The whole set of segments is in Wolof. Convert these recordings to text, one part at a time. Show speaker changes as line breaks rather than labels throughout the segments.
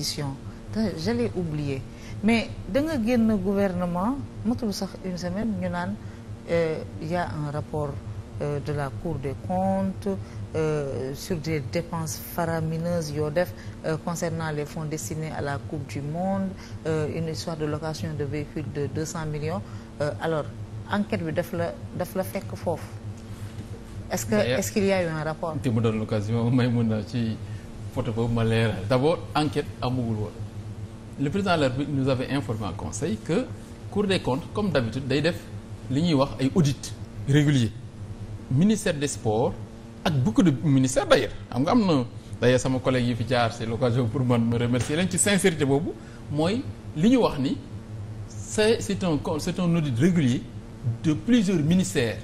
édition je l'ai oublié mais da nga génn gouvernement matul sax une semaine ñu naan euh, y a un rapport euh, de la Cour des comptes euh, sur des dépenses faramineuses yoo def euh, concernant les fonds destinés à la Coupe du Monde euh, une histoire de location de véhicules de 200 millions euh, alors enquête bi daf la daf la fekk foofu est-ce qu'il
y eu un rapport. te mu doon l'occasion may mun na ci. photo boobu ma leeral d'abord enquête amugul woon le président de la République nous avait informé en conseil que Cour des comptes comme d'habitude day def li ñuy wax ay audits réguliers ministère des sports ak beaucoup de ministères d'ailleurs xam nga am na d'ailleurs sama collègue yi fi jaar c'est l'occasion pour man me remercier leen ci sincérité boobu mooy li ñu wax ni c'est c'est un c'est un audit régulier de plusieurs ministères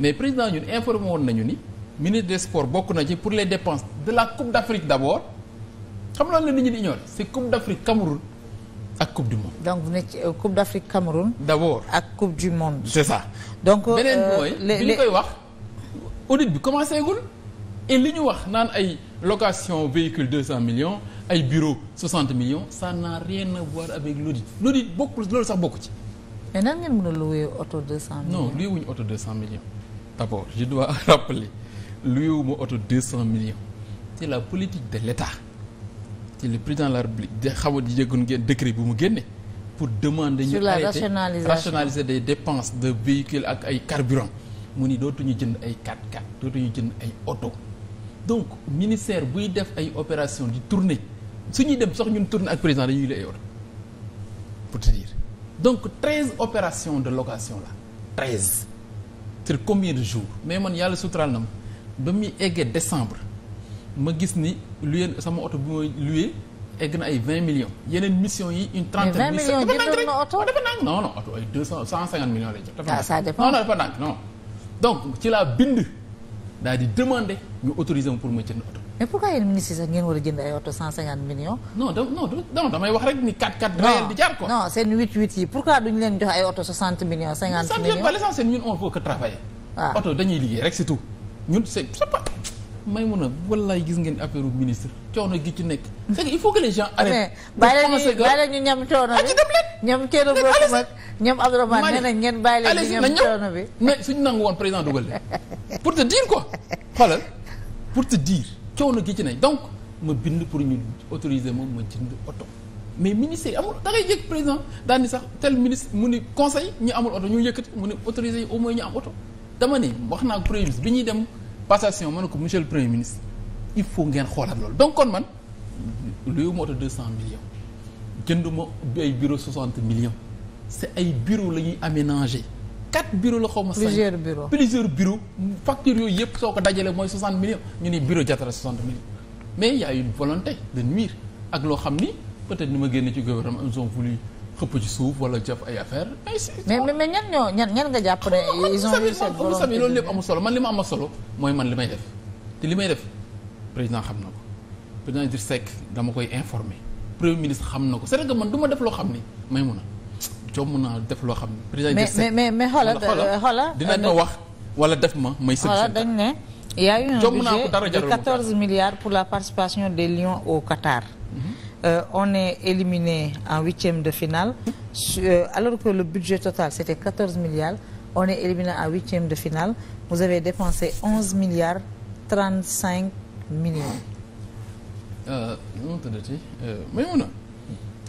mais président ñun informé woon nañu ni ministre des sports bokk na ci pour les dépenses de la coupe d' Afrique d' abord xam nga la nit ñi di ignorer c' est coupe d' Afrique Cameroun ak coupe du monde. donc vous euh,
coupe d' Afrique Cameroun. d' abord ak
coupe du monde. c' donc euh, beneen mooy li ñu koy wax audit bi commencé gul et li ñu wax naan ay location véhicule deux cent millions ay bureau soixante millions ça n'a rien à voir avec l' audit bokkul loolu sax bokku ci. mais nan ngeen mun a loué oto deux cent millions. non loué wuñu oto deux cent millions d' abord je dois rappeler loué millions. c'est la politique de l'État te le président la République de xaw a yëgoon ngeen décret bu mu génne pour demander ñu arrêté rationaliser des dépense de véhicules ak ay carburant mu ni dootuñu jënd ay 4x4 dootuñu jënd ay oto donc ministère buy def ay opération di tourner suñuy dem sax ñun tourner ak président dañuy la ay oto pour te dire donc 13 opération de location la 13 sur combien de jours mais man yàlla suturaal na ma ba muy eggee décembre ma gis ni luyee sama oto bi mooy luyee egg na ay vingt millions yeneen mission yi une trentaine. mais vingt millions jëndoon na oto dafa nang non non oto ay deux cent cent cinquante millions lay jot. ah ça damay wax rek ni 4 4. réel di jaar
quoi non seen 8 8 yi pourquoi duñu leen jox ay oto 60 millions. 50 millions ça ne vient pas
l'essentiel on peut que travailler. waaw ah. oto dañuy liggéey rek c'est tout ñun c'est pas. may mun a wallaay gis ngeen affaire ministre coono gi ci nekk. c'est que il faut que les gens arrêtent. mais bàyyi ñu ñam coono bi bi. mais suñu nangu woon président dugal de pour te dire quoi xoolal pour te dire coono gi ci nekk donc ma bind pour ñu autoriser moom ma jënd oto. mais ministre yi amul da ngay yëg président daal sax tel ministre mu ni conseil ñu amul oto ñu yëkkati mu ni autorisé yi au moins ñu am oto dama ne wax naa ko premier bi ñuy dem. passation man ne ko monsieur premier ministre il faut ngeen xoolaat loolu donc kon man luyu ma oto deux cent millions jënduma ay bureau soixante millions c'est ay bureau la ñuy aménager quatre bureaux la xaw ma plusieurs bureaux plusieurs bureaux factures yooyu yëpp soo ko dajalee mooy soixante millions ñu ni bureau jatara soixante millions mais il y a nuire ak loo xam ni peut-être ni ma génne ci gouvernement ils ont voulu xëpp ci suuf wala jaf ay affaire mais
mais ñan ñoo ñan ñan nga jàpp ne. ils ont eu cette loolu lépp
amul solo man li ma am solo mooy man li may def te li may def président xam na ko président Idriss Seck dama koy informer premier ministre xam na ko c'est vrai man du ma def loo xam ni may mun a jom naa def loo xam ni. président Idriss Seck
mais mais mais xoolal dinañ ma wax
wala def ma may. sëñ xoolal
dañ ne. y a eu dara budget de 14 milliards pour la participation des Lions au Euh, on est éliminé en huitième de finale euh, alors que le budget total c'était 14 milliards on est éliminé en huitième de finale vous avez dépensé 11 milliards 35
millions. Euh, euh, Maïmouna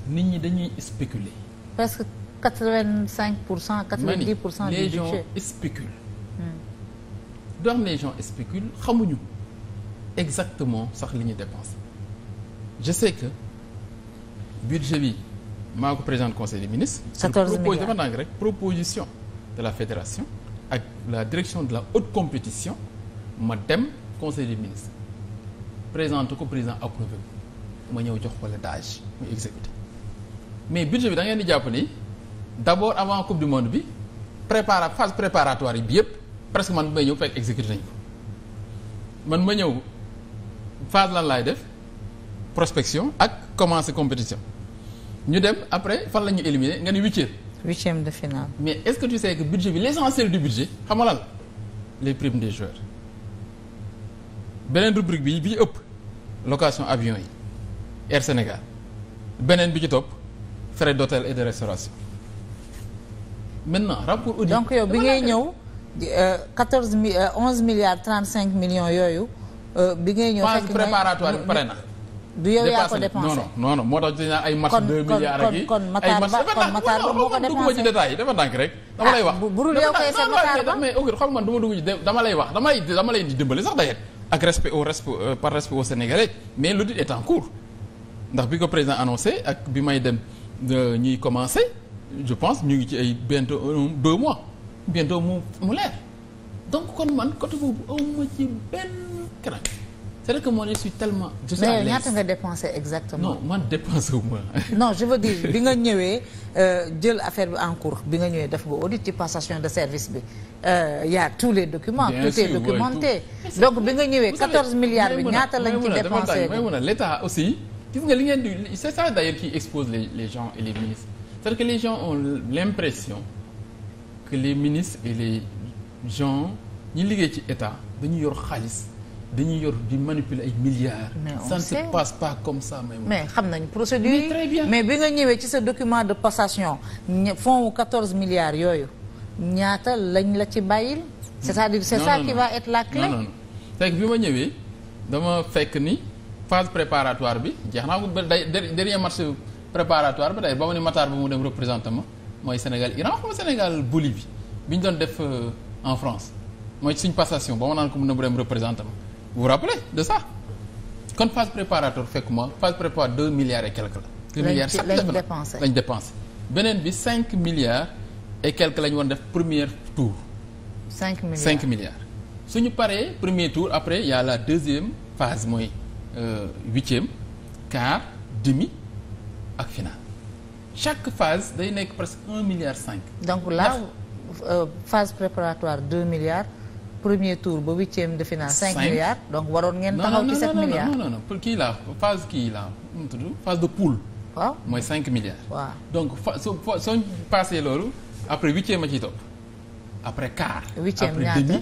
nit ñi dañuy spéculer.
presque 85 pour cent. 90 pour cent du budget les gens spéculent. Hmm.
donc les gens spéculent xamuñu exactement sax li ñu je sais que. budget bi maa ko président conseil des ministres. 14 milliards dafa nang rek proposition de la fédération ak la direction de la haute compétition ma dem conseil des ministres présente ko président approuvé ma ñëw jox ko le DAGE mu mais budget bi da ngeen di jàpp ni d' abord avant coupe du monde bi prépara phase préparatoire yi bi yëpp presque man may ñëw fekk exécuté nañ ko man ma ñëw phase lan laay def prospection ak commencé compétition. ñu dem après fan la ñu éliminer nga ni huitième. huitième de finale. mais est-ce que tu sais que budget bi l'essentiel du budget xam les primes des joueurs beneen rubrique bi bi ëpp location avion yi Air Sénégal beneen bi ci topp frais d'hôtel et de restauration maintenant
rapport audit. donc yow bi ngay ñëw euh, quatorze mille euh, onze milliards trente cinq millions yooyu. Euh, bi ngay ñëw fekk préparatoire bi pare na. du yow yaa ko dépensé
non non non moo tax dina ay match deux milliards ak yi kon kon kon Matar Ba moo ko dépensé ci détail dafa ndànk rek. dama lay ah, wax bu dul yow kay sa Matar Ba mais ok xam nga dama dugg ci dama lay wax dama lay dama lay di dimbali sax dayet ak respect au respect euh, par respect au Sénégalais mais l'audit est en cours ndax bi ko président annoncé ak bi may dem euh, ñuy commencé je pense ñu ngi ci ay bientôt euh, deux mois bientôt mu mu leer donc kon man côté boobu aw ma ci benn crainte. c'est vrai que mon je suis tellement. je suis mais ñaata nga dépensé exactement. non man dépensé wu ma.
non je veux dire bi nga ñëwee euh, jël affaire bi en cours bi nga ñëwee def nga audit ci passation de service bi euh, y a tous les documents. Bien tout sûr, est donc bi nga ñëwee 14 milliards bi ñaata lañ ci dépensé. may mun a
l'État aussi. gis nga li ngeen di c'est ça d'ailleurs qui expose les gens et les ministres cest à les gens ont l'impression que les ministres et les gens ñi liggéey ci État ñu yor xaalis. dañuy yor di manipuler ay milliards. mais on ça ne
mais xam nañ procédure yi mais bi nga ñëwee ci sa document de passation fonds wu 14 milliards yooyu ñaata lañ la ci bàyyil. c'est-à-dire c'est ça qui va être la clé. non
bi ma ñëwee dama fekk ni phase préparatoire bi jeex naa ko ba day dernier match préparatoire bi day ba ma ni Matar ba mu dem représenté ma mooy Sénégal Iran xaw Sénégal Bolivie bi ñu doon def euh, en France mooy suñ passation ba ma naan ko mën na mu dem représenté ma vous vous rappelez de ça kon phase préparatoire fekk moi phase préparatoire deux milliards et quelque la. deux milliards sax lañ beneen bi cinq milliards et quelque lañ woon def première tour.
cinq milliards cinq
milliards. suñu paree premier tour après il la deuxième phase mooy euh, huitième quart demi ak final chaque phase day nekk presque un milliard cinq. donc là
euh, phase préparatoire deux milliards. premier tour ba huitième de finale. cinq milliards donc waroon ngeen taxaw ci sept milliards non non
non pour kii kii la nu mu tudd phase de poule. mooy cinq milliards. waaw donc fa soo soo paasee loolu après huitième a ci topp après quart. huitième ñaata après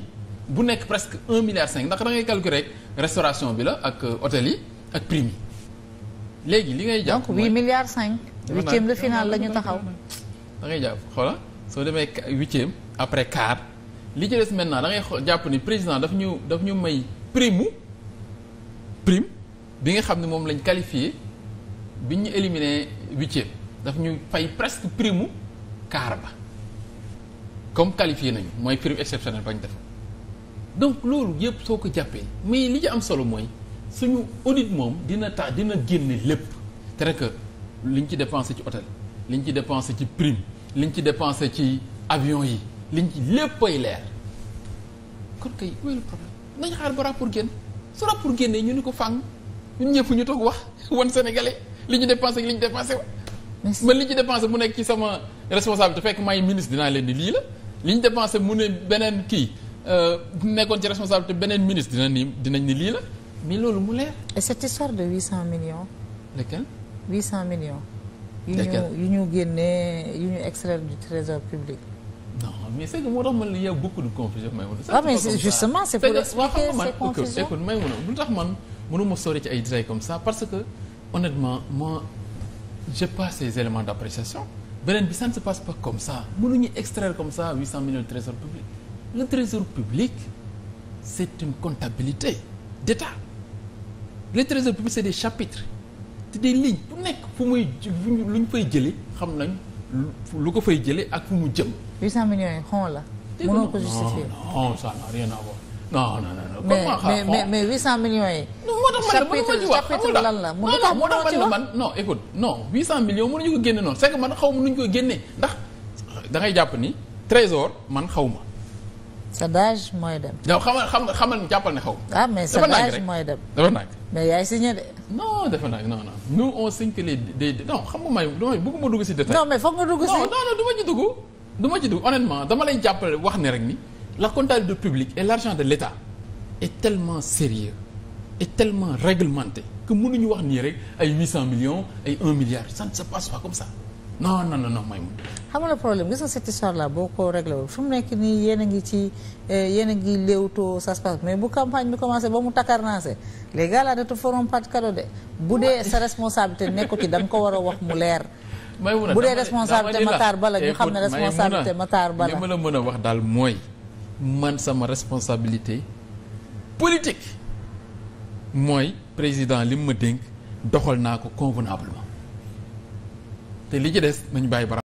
bu nekk presque un milliard cinq ndax da ngay calculer restauration bi la ak euh, hôtel yi ak prime yi. léegi li ngay jàpp donc huit milliards cinq. huitième de
finale lañu taxaw.
da ngay jàpp xoola soo demee huitième après quart. li ci des maintenant da ngay jàpp ni président daf ñu daf ñu may prime prime bi nga xam ne moom lañ qualifié bi ñu éliminé huitième daf ñu fay presque prime kaar ba comme qualifié nañu mooy prime exceptionnelle bañ def donc loolu yëpp soo ko jàppee mais li ci am solo mooy suñu audit moom dina tax dina génne lépp te li ñu ci dépensé ci hôtel liñ ci dépensé ci prime liñ ci dépensé ci avion yi liñ ci léppay leer kon kay où est le problème nañ xaar ba rapport génn su rapport génnee ñu ni ko fàng ñun ñëpp ñu toog wax wan sénégalais li ñu dépensé ak li ñu dépensé man li ci dépensé mu nekk ci sama responsabilité fekk may ministre dinaa leen di lii la li ñu dépensé mu ne beneen kii euh, nekkoon ci responsabilité beneen ministre dina ni dinañ ni lii la
mais loolu mu leer. et cette histoire de huit cent millions. lequel. huit
cent millions. yu ñu
yu ñu génnee yu ñu extraire du trésor public.
non mais c'est que moo tax man il y a beaucoup de confusion may mun ah mais justement c'est pour expliquer ces confusions écoute may mun a lu tax man mënuma sori ci ay détails comme ça parce que honnêtement moi j'ai pas ces éléments d'appréciation beneen bi ça ne se passe pas comme ça mënuñu extraire comme ça 800 millions de trésor public le trésor public c'est une comptabilité d'État le trésor public c'est des chapitres c'est des lignes bu nekk fu muy lu ñu fay jëlee xam nañ lu ko fay jëlee ak fu mu jëm. 800
millions yi xon la. mënoo ko justifier
non ça n'a rien à voir non non non. comment mais mais
mais 800 millions yi. chapitre chapitre lan la moo tax man la
man no écoute non 800 millions mënuñu ko génne noonu c'est man xaw ma nuñ ko génnee ndax da ngay jàpp ni trésor man xaw ma.
Sadage mooy dem.
yow xamal xam nga xamal jàppal ne xaw ma.
ah mais Sadage mooy dem
dafa nag mais yaay signé de. non defe naa noon non nous on signe que les des xam nga may damay bëgguma dugg si détail. non mais foog nga dugg si non non du ma ci dugg. du ma ci dugg honnêtement dama lay jàppale wax ne rek ni la de publique et l'argent de l'État est tellement sérieux et tellement réglementé que mënuñu wax nii rek ay 800 millions ay 1 milliard ça ne se passe pas comme ça. non non non may mun
xam nga problème gis nga cette histoire là boo ko réglé wul fi mu nekk nii yéen a ngi ci eh, yéen a ngi léewtoo sa se mais bu campagne bi commencé ba mu takkarnaase les gars là ne te feront pas de cadeau de bu dee sa responsabilité nekku ci da ko war a wax mu leer bu dee responsabilité Matar Ba bala ñu xam ne responsabilité Matar Ba la li ma
la mën a wax daal mooy man sama responsabilité politique mooy président li mu ma dénk doxal naa ko convenablement te li ci des nañu bàyyi bara